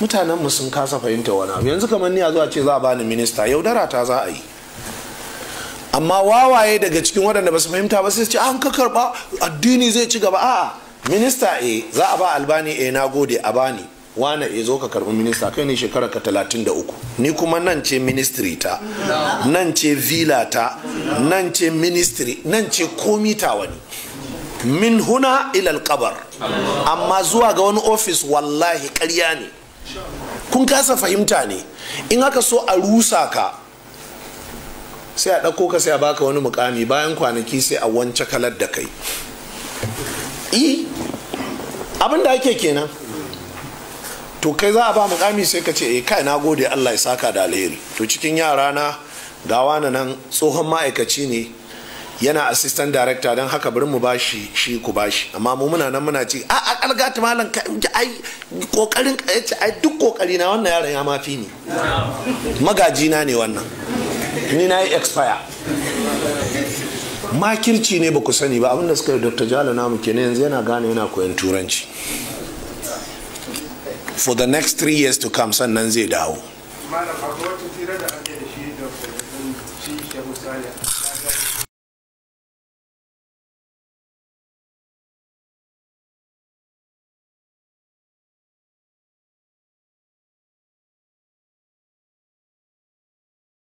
mutanen mu sun kasa fahimta wani abu yanzu kamar ni a zuwa ce za a bani minista yaudara ta za a yi amma wawaye daga cikin waɗanda ba su fahimta ba sai ce ah, an ka karɓa addini zai ci gaba a'a minista e za a ba albani e na gode a bani wane e zo ka karɓi minista kai ne shekara ka talatin da uku ni kuma nan ce ministry ta nan ce villa ta nan ce ministry nan ce komi ta wani min huna ilal kabar amma zuwa ga wani ofis wallahi karya ne kun kasa fahimta ne in aka so a rusa ka sai a ɗauko ka sai a baka wani mukami bayan kwanaki sai a wance kalar da kai i abin da ake kenan to kai za a ba mukami sai ka ce eh kai na gode Allah ya saka da alheri to cikin yara na gawa na nan tsohon ma'aikaci ne yana assistant director don haka bari mu bashi shi ku bashi amma mu muna nan muna ci a a kalgata malam ai kokarin ai duk kokari na wannan yaron ya mafi ni magaji na ne wannan ni na yi expire makirci ne ba ku sani ba abinda suka yi dr jalo namu kenan yanzu yana gane yana koyan turanci for the next three years to come sannan zai dawo